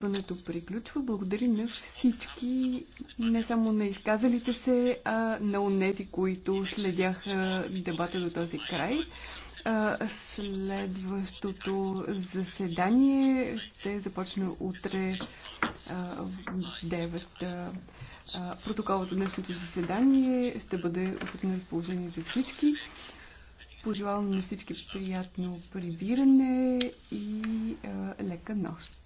Пънето приключва. Благодарим на всички, не само на изказалите се, а на унези, които следяха дебата до този край. Следващото заседание ще започне утре в 9. Протоколът от днешното заседание ще бъде на разположение за всички. Пожелавам на всички приятно прибиране и лека нощ.